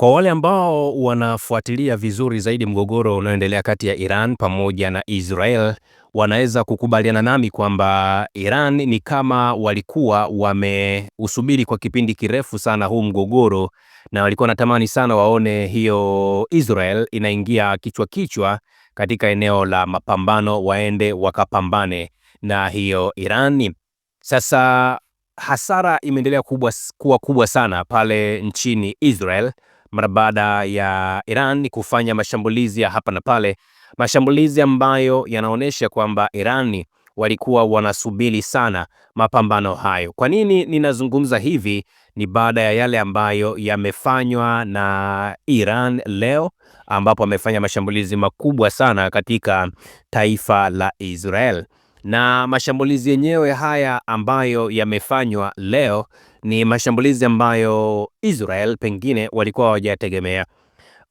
Kwa wale ambao wanafuatilia vizuri zaidi mgogoro unaoendelea kati ya Iran pamoja na Israel wanaweza kukubaliana nami kwamba Iran ni kama walikuwa wameusubiri kwa kipindi kirefu sana huu mgogoro, na walikuwa natamani sana waone hiyo Israel inaingia kichwa kichwa katika eneo la mapambano, waende wakapambane na hiyo Irani. Sasa hasara imeendelea kubwa, kuwa kubwa sana pale nchini Israel mara baada ya Iran kufanya mashambulizi ya hapa na pale, mashambulizi ambayo yanaonyesha kwamba Iran walikuwa wanasubiri sana mapambano hayo. Kwa nini ninazungumza hivi? Ni baada ya yale ambayo yamefanywa na Iran leo, ambapo amefanya mashambulizi makubwa sana katika taifa la Israel, na mashambulizi yenyewe haya ambayo yamefanywa leo ni mashambulizi ambayo Israel pengine walikuwa hawajategemea.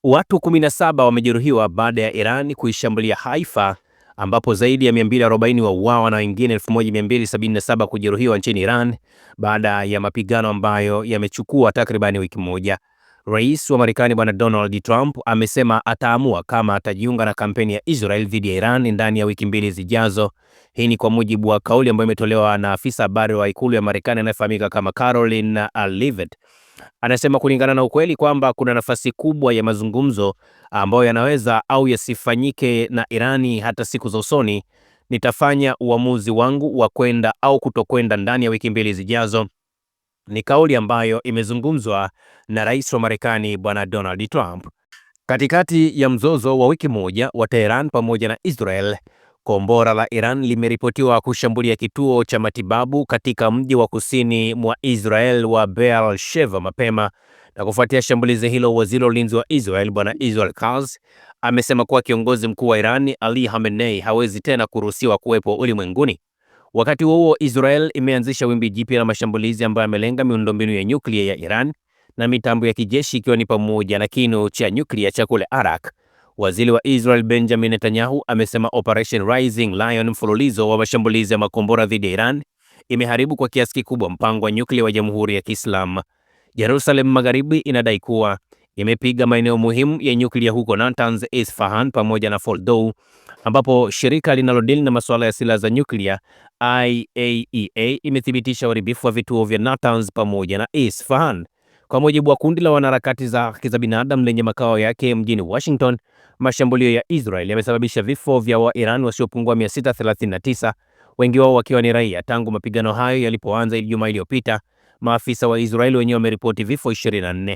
Watu 17 wamejeruhiwa baada ya Iran kuishambulia Haifa ambapo zaidi ya 240 wauawa na wengine 1277 kujeruhiwa nchini Iran baada ya mapigano ambayo yamechukua takribani wiki moja. Rais wa Marekani Bwana Donald Trump amesema ataamua kama atajiunga na kampeni ya Israel dhidi ya Iran ndani ya wiki mbili zijazo. Hii ni kwa mujibu wa kauli ambayo imetolewa na afisa habari wa ikulu ya Marekani anayefahamika kama Caroline Leavitt. Anasema kulingana na ukweli kwamba kuna nafasi kubwa ya mazungumzo ambayo yanaweza au yasifanyike na Irani hata siku za usoni, nitafanya uamuzi wangu wa kwenda au kutokwenda ndani ya wiki mbili zijazo ni kauli ambayo imezungumzwa na rais wa Marekani Bwana Donald Trump katikati ya mzozo wa wiki moja wa teheran pamoja na Israel. Kombora la Iran limeripotiwa kushambulia kituo cha matibabu katika mji wa kusini mwa Israel wa Be'er Sheva mapema. Na kufuatia shambulizi hilo, waziri wa ulinzi wa Israel Bwana Israel Katz amesema kuwa kiongozi mkuu wa Iran Ali Khamenei hawezi tena kuruhusiwa kuwepo ulimwenguni Wakati huo huo, Israel imeanzisha wimbi jipya la mashambulizi ambayo yamelenga miundombinu ya nyuklia ya Iran na mitambo ya kijeshi ikiwa ni pamoja na kinu cha nyuklia cha kule Arak. Waziri wa Israel Benjamin Netanyahu amesema Operation Rising Lion, mfululizo wa mashambulizi ya makombora dhidi ya Iran, imeharibu kwa kiasi kikubwa mpango wa nyuklia wa Jamhuri ya Kiislam. Jerusalem Magharibi inadai kuwa imepiga maeneo muhimu ya nyuklia huko Natanz, Isfahan pamoja na Fordow ambapo shirika linalodili na masuala ya silaha za nyuklia IAEA e imethibitisha uharibifu wa vituo vya Natanz pamoja na Isfahan. Kwa mujibu wa kundi la wanaharakati za haki za binadamu lenye makao yake mjini Washington, mashambulio ya Israel yamesababisha vifo vya wairan wasiopungua 639, wengi wao wakiwa ni raia, tangu mapigano hayo yalipoanza Ijumaa iliyopita. Maafisa wa Israel wenyewe wameripoti vifo 24.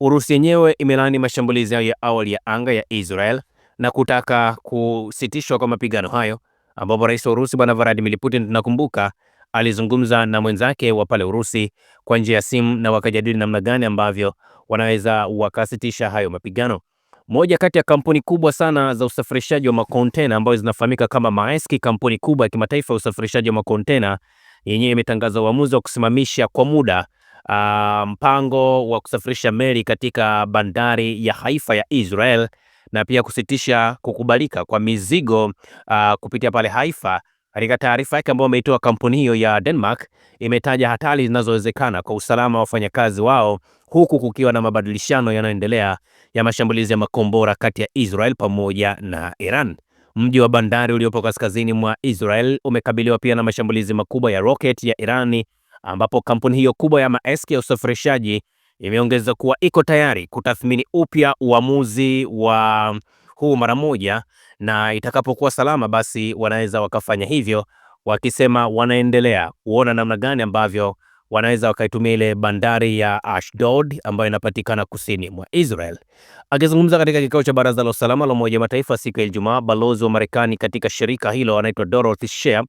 Urusi yenyewe imelaani mashambulizi hayo ya awali ya anga ya Israel na kutaka kusitishwa kwa mapigano hayo, ambapo rais wa Urusi bwana Vladimir Putin tunakumbuka alizungumza na mwenzake wa pale Urusi kwa njia ya simu na wakajadili namna gani ambavyo wanaweza wakasitisha hayo mapigano. Moja kati ya kampuni kubwa sana za usafirishaji wa makontena ambayo zinafahamika kama Maersk, kampuni kubwa ya kimataifa ya usafirishaji wa makontena, yenyewe imetangaza uamuzi wa kusimamisha kwa muda uh, mpango wa kusafirisha meli katika bandari ya Haifa ya Israel na pia kusitisha kukubalika kwa mizigo uh, kupitia pale Haifa. Katika taarifa yake ambayo ameitoa kampuni hiyo ya Denmark, imetaja hatari zinazowezekana kwa usalama wa wafanyakazi wao, huku kukiwa na mabadilishano yanayoendelea ya mashambulizi ya makombora kati ya Israel pamoja na Iran. Mji wa bandari uliopo kaskazini mwa Israel umekabiliwa pia na mashambulizi makubwa ya roketi ya Irani, ambapo kampuni hiyo kubwa ya maeski ya usafirishaji imeongeza kuwa iko tayari kutathmini upya uamuzi wa huu mara moja, na itakapokuwa salama, basi wanaweza wakafanya hivyo, wakisema wanaendelea kuona namna gani ambavyo wanaweza wakaitumia ile bandari ya Ashdod ambayo inapatikana kusini mwa Israel. Akizungumza katika kikao cha Baraza la Usalama la Umoja Mataifa siku ya Ijumaa, balozi wa Marekani katika shirika hilo anaitwa Dorothy Shea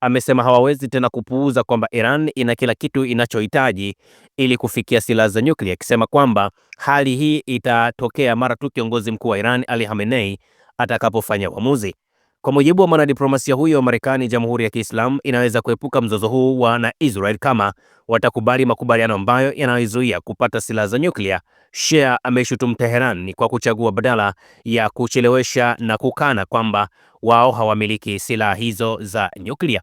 amesema hawawezi tena kupuuza kwamba Iran ina kila kitu inachohitaji ili kufikia silaha za nyuklia, akisema kwamba hali hii itatokea mara tu kiongozi mkuu wa Iran Ali Khamenei atakapofanya uamuzi. Kwa mujibu wa mwanadiplomasia huyo wa Marekani, Jamhuri ya Kiislamu inaweza kuepuka mzozo huu wa na Israel kama watakubali makubaliano ambayo yanayoizuia kupata silaha za nyuklia. Shea ameishutumu Teheran kwa kuchagua badala ya kuchelewesha na kukana kwamba wao hawamiliki silaha hizo za nyuklia.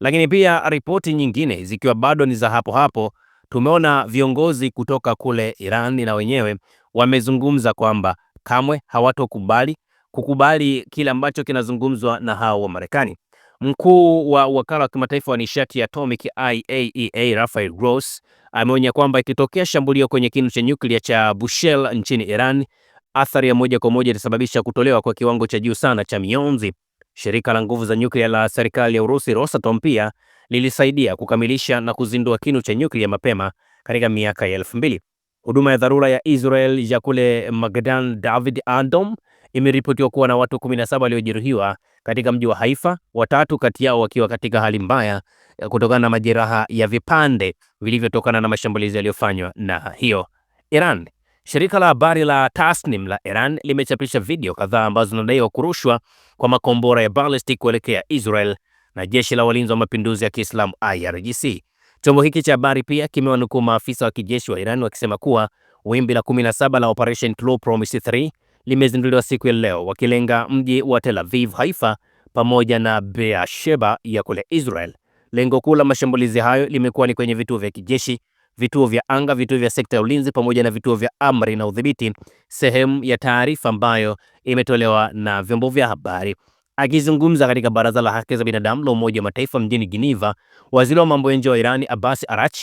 Lakini pia ripoti nyingine zikiwa bado ni za hapo hapo, tumeona viongozi kutoka kule Iran na wenyewe wamezungumza kwamba kamwe hawatokubali kukubali kile ambacho kinazungumzwa na hao wa Marekani. Mkuu wa wakala wa kimataifa wa nishati ya atomic IAEA e Rafael Gross ameonya kwamba ikitokea shambulio kwenye kinu cha nyuklia cha Bushehr nchini Iran athari ya moja kwa moja itasababisha kutolewa kwa kiwango cha juu sana cha mionzi. Shirika la nguvu za nyuklia la serikali ya Urusi Rosatom pia lilisaidia kukamilisha na kuzindua kinu cha nyuklia mapema katika miaka ya elfu mbili. Huduma ya dharura ya Israel ya kule Magadan David Adom imeripotiwa kuwa na watu 17 waliojeruhiwa katika mji wa Haifa, watatu kati yao wakiwa katika hali mbaya kutokana na majeraha ya vipande vilivyotokana na mashambulizi yaliyofanywa na hiyo Iran. Shirika la habari la Tasnim la Iran limechapisha video kadhaa ambazo zinadaiwa kurushwa kwa makombora ya ballistic kuelekea Israel na jeshi la walinzi wa mapinduzi ya Kiislamu IRGC. Chombo hiki cha habari pia kimewanukuu maafisa wa kijeshi wa Iran wakisema kuwa wimbi la 17 la Operation True Promise 3 limezinduliwa siku ya leo, wakilenga mji wa Tel Aviv, Haifa pamoja na Beersheba ya kule Israel. Lengo kuu la mashambulizi hayo limekuwa ni kwenye vituo vya kijeshi vituo vya anga, vituo vya sekta ya ulinzi pamoja na vituo vya amri na udhibiti, sehemu ya taarifa ambayo imetolewa na vyombo vya habari. Akizungumza katika Baraza la Haki za Binadamu la Umoja wa Mataifa mjini Geneva, waziri wa mambo ya nje wa Irani Abbas arach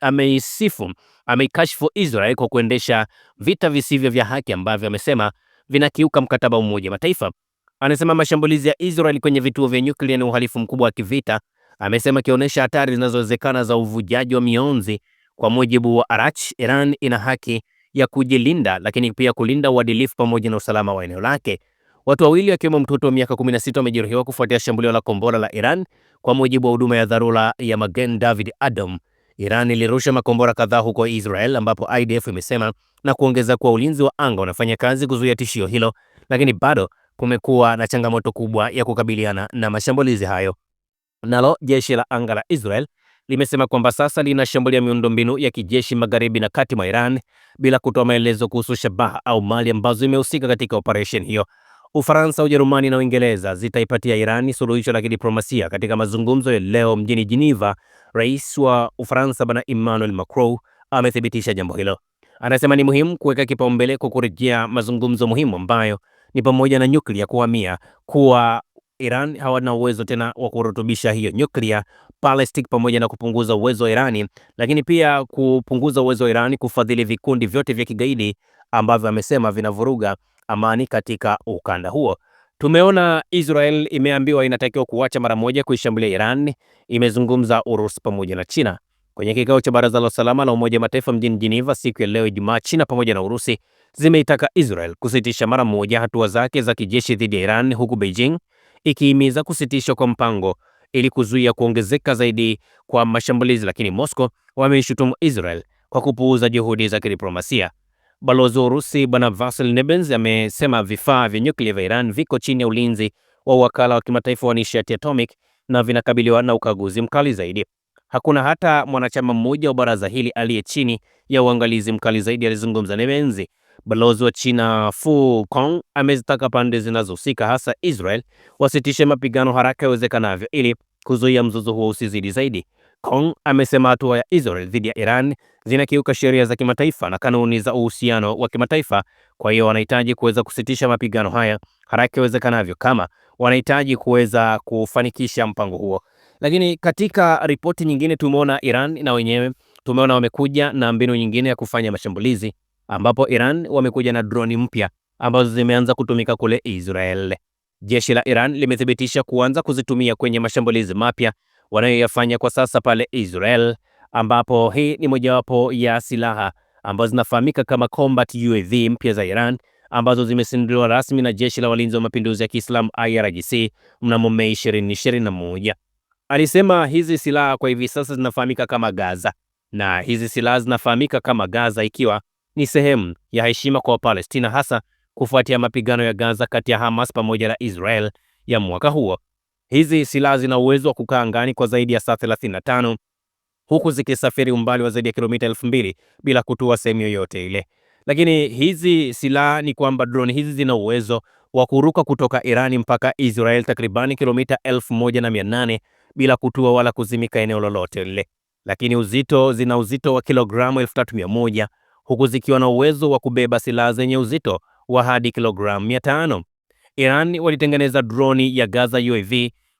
ameisifu ameikashifu Israel kwa kuendesha vita visivyo vya haki ambavyo amesema vinakiuka mkataba wa Umoja wa Mataifa. Anasema mashambulizi ya Israel kwenye vituo vya nyuklia ni uhalifu mkubwa wa kivita amesema akionyesha hatari zinazowezekana za uvujaji wa mionzi. Kwa mujibu wa Arach, Iran ina haki ya kujilinda, lakini pia kulinda uadilifu pamoja na usalama wa eneo lake. Watu wawili akiwemo mtoto wa miaka 16 wamejeruhiwa kufuatia shambulio la kombora la Iran. Kwa mujibu wa huduma ya dharura ya Magen David Adom, Iran ilirusha makombora kadhaa huko Israel, ambapo IDF imesema na kuongeza kuwa ulinzi wa anga unafanya kazi kuzuia tishio hilo, lakini bado kumekuwa na changamoto kubwa ya kukabiliana na mashambulizi hayo. Nalo jeshi la anga la Israel limesema kwamba sasa linashambulia miundombinu ya kijeshi magharibi na kati mwa Iran bila kutoa maelezo kuhusu shabaha au mali ambazo imehusika katika operesheni hiyo. Ufaransa, Ujerumani na Uingereza zitaipatia Irani suluhisho la kidiplomasia katika mazungumzo ya leo mjini Geneva. Rais wa Ufaransa Bwana Emmanuel Macron amethibitisha jambo hilo. Anasema ni muhimu kuweka kipaumbele kwa kurejea mazungumzo muhimu ambayo ni pamoja na nyuklia kuhamia kuwa Iran hawana uwezo tena wa kurutubisha hiyo nyuklia ballistic, pamoja na kupunguza uwezo wa Irani, lakini pia kupunguza uwezo wa Irani kufadhili vikundi vyote vya kigaidi ambavyo amesema vinavuruga amani katika ukanda huo. Tumeona Israel imeambiwa inatakiwa kuacha mara moja kuishambulia Iran, imezungumza Urusi pamoja na China kwenye kikao cha Baraza la Usalama la Umoja Mataifa mjini Geneva siku ya leo Ijumaa. China pamoja na Urusi zimeitaka Israel kusitisha mara moja hatua zake za kijeshi dhidi ya Iran, huku Beijing ikihimiza kusitishwa kwa mpango ili kuzuia kuongezeka zaidi kwa mashambulizi, lakini Moscow wameishutumu Israel kwa kupuuza juhudi za kidiplomasia. Balozi wa Urusi Bwana Vasil Nebenz amesema vifaa vya nyuklia vya Iran viko chini ya ulinzi wa Wakala wa Kimataifa wa Nishati Atomic na vinakabiliwa na ukaguzi mkali zaidi. Hakuna hata mwanachama mmoja wa baraza hili aliye chini ya uangalizi mkali zaidi, alizungumza Nebenzi. Balozi wa China Fu Kong amezitaka pande zinazohusika hasa Israel wasitishe mapigano haraka iwezekanavyo ili kuzuia mzozo huo usizidi zaidi. Kong amesema hatua ya Israel dhidi ya Iran zinakiuka sheria za kimataifa na kanuni za uhusiano wa kimataifa, kwa hiyo wanahitaji kuweza kusitisha mapigano haya haraka iwezekanavyo kama wanahitaji kuweza kufanikisha mpango huo. Lakini katika ripoti nyingine tumeona Iran na wenyewe tumeona wamekuja na mbinu nyingine ya kufanya mashambulizi ambapo Iran wamekuja na droni mpya ambazo zimeanza kutumika kule Israel. Jeshi la Iran limethibitisha kuanza kuzitumia kwenye mashambulizi mapya wanayoyafanya kwa sasa pale Israel, ambapo hii ni mojawapo ya silaha ambazo zinafahamika kama combat UAV mpya za Iran ambazo zimesinduliwa rasmi na jeshi la walinzi wa mapinduzi ya Kiislamu IRGC mnamo Mei 2021. Alisema hizi silaha kwa hivi sasa zinafahamika kama Gaza, na hizi silaha zinafahamika kama Gaza ikiwa ni sehemu ya heshima kwa Wapalestina, hasa kufuatia mapigano ya Gaza kati ya Hamas pamoja na Israel ya mwaka huo. Hizi silaha zina uwezo wa kukaa angani kwa zaidi ya saa 35 huku zikisafiri umbali wa zaidi ya kilomita 2000 bila kutua sehemu yoyote ile. Lakini hizi silaha ni kwamba drone hizi zina uwezo wa kuruka kutoka Irani mpaka Israel takribani kilomita 1800 bila kutua wala kuzimika eneo lolote lile. Lakini uzito zina uzito wa kilogramu 3100 huku zikiwa na uwezo wa kubeba silaha zenye uzito wa hadi kilogramu 500. Iran walitengeneza droni ya Gaza UAV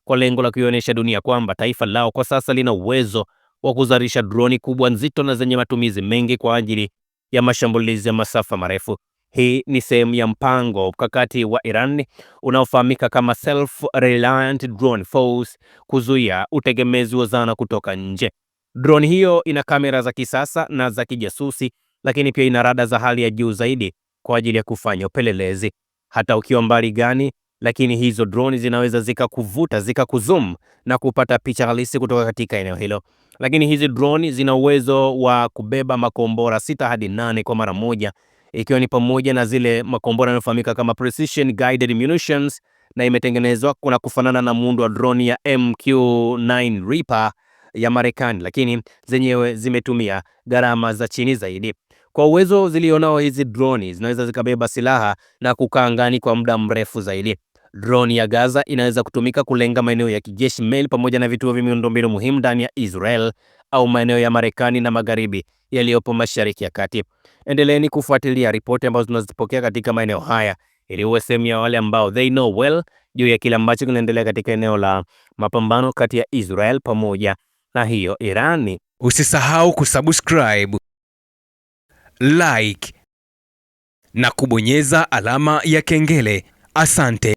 kwa lengo la kuionyesha dunia kwamba taifa lao kwa sasa lina uwezo wa kuzalisha droni kubwa nzito na zenye matumizi mengi kwa ajili ya mashambulizi ya masafa marefu. Hii ni sehemu ya mpango mkakati wa Iran unaofahamika kama Self Reliant Drone Force, kuzuia utegemezi wa zana kutoka nje. Droni hiyo ina kamera za kisasa na za kijasusi lakini pia ina rada za hali ya juu zaidi kwa ajili ya kufanya upelelezi hata ukiwa mbali gani, lakini hizo droni zinaweza zikakuvuta zikakuzoom na kupata picha halisi kutoka katika eneo hilo. Lakini hizi droni zina uwezo wa kubeba makombora sita hadi nane kwa mara moja, ikiwa ni pamoja na zile makombora yanayofahamika kama precision guided munitions, na imetengenezwa kuna kufanana na muundo wa droni ya MQ-9 Reaper ya Marekani, lakini zenyewe zimetumia gharama za chini zaidi. Kwa uwezo zilionao hizi droni zinaweza zikabeba silaha na kukaa angani kwa muda mrefu zaidi. Droni ya Gaza inaweza kutumika kulenga maeneo ya kijeshi, meli pamoja na vituo vya miundombinu muhimu ndani ya Israel au maeneo ya Marekani na magharibi yaliyopo Mashariki ya Kati. Endeleeni kufuatilia ripoti ambazo tunazipokea katika maeneo haya ili uwe sehemu ya wale ambao they know well juu ya kile ambacho kinaendelea katika eneo la mapambano kati ya Israel pamoja na hiyo Irani. Usisahau kusubscribe like na kubonyeza alama ya kengele. Asante.